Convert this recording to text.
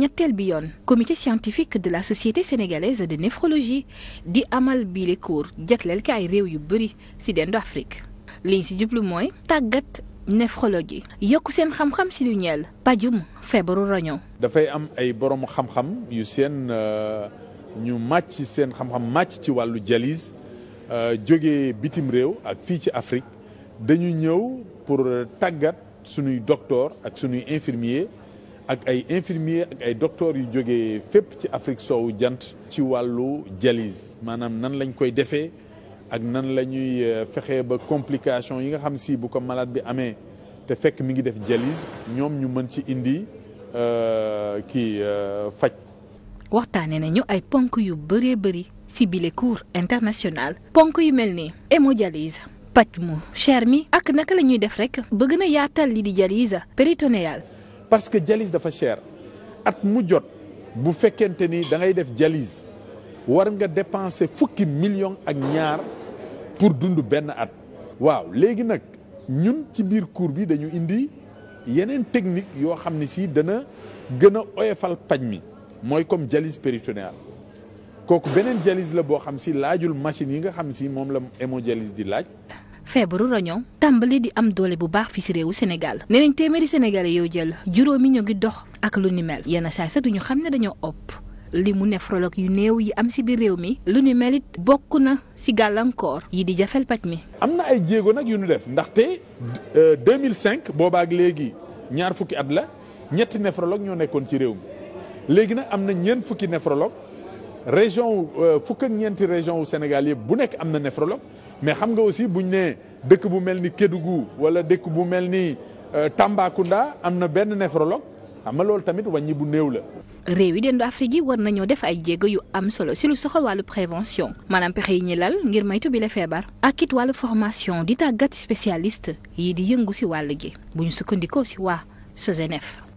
ñetteel bi yoon comité scientifique de la société sénégalaise de néphrologie di amal bii les cours jagleel ko ay réew yu bëri si dendu Afrique liñ si jublu mooy tàggat néphrologie yokk seen xam-xam si lu ñeel pajum feebaru roño dafay am ay borom xam-xam yu seen euh, ñu màcc seen xam-xam màcc ci wàllu dialyse euh, jóge bitim réew ak fii ci Afrique dañu ñëw pour tàggat sunuy docteur ak suñuy infirmier ak ay infirmier ak ay docteurs yu jógee fépp ci Afrique soowu jant ci wàllu dialyse maanaam nan lañ koy defee ak nan la ñuy euh, fexee ba complication yi nga xam si bu ko malade bi amee te fekk mi ngi def dialyse ñoom ñu mën ci indi euh, kii euh, faj waxtaane nañu ay ponk yu bëree bëri ci bile cours international ponk yu mel nii ni hémodialyse paj mu cher mi ak naka la ñuy def rek bëgg na yaatal li di dialyse péritonéale parce que dialyse dafa cher at mu jot bu fekkente ni dangay def dialyse war nga dépenser fukki million ak ñaar pour dund benn at. waaw léegi nag ñun ci biir cours bi dañu indi yeneen technique yoo xam ne sii dana gën a oyofal paj mi mooy comme dialyse péritonéale kooku beneen dialyse la boo xam si laajul machine yi nga xam si moom la hémodialyse di laaj. feebaru roño tàmbali di am doole bu baax fi si réewu Sénégal nee nañ téeméeri sénégalais yow jël juróomi ñoo ngi dox ak lu ni mel yenn saa sa duñu xam ne dañoo opp li mu néphrologue yu néew yi am si biir réew mi lu ni mel it bokk na si gàllankoor yi di jafel paj mi. am na ay jéego nag yu ñu def ndaxte boobaa euh, boobaak léegi ñaar fukki at la ñetti néphrologue ñoo nekkoon ci réew mi léegi nag am na ñeent fukki néphrologue région euh, fukk ak ñeenti région wu Sénégal yëpp bu nekk am na néphrologue mais xam nga aussi buñ ne dëkk bu mel ni Kédougou wala dëkk bu mel ni euh, Tambacounda am na benn néphrologue xam nga loolu tamit wàññi bu néew la. réew yi dendu Afrique yi war nañoo def ay jéego yu am solo si lu soxal wàllu prévention maanaam pexe yi ñi lal ngir maytu bi la feebar ak it formation di tàggat spécialiste yi di yëngu si wàll gi bu ñu sukkandikoo si waa SOSENEF.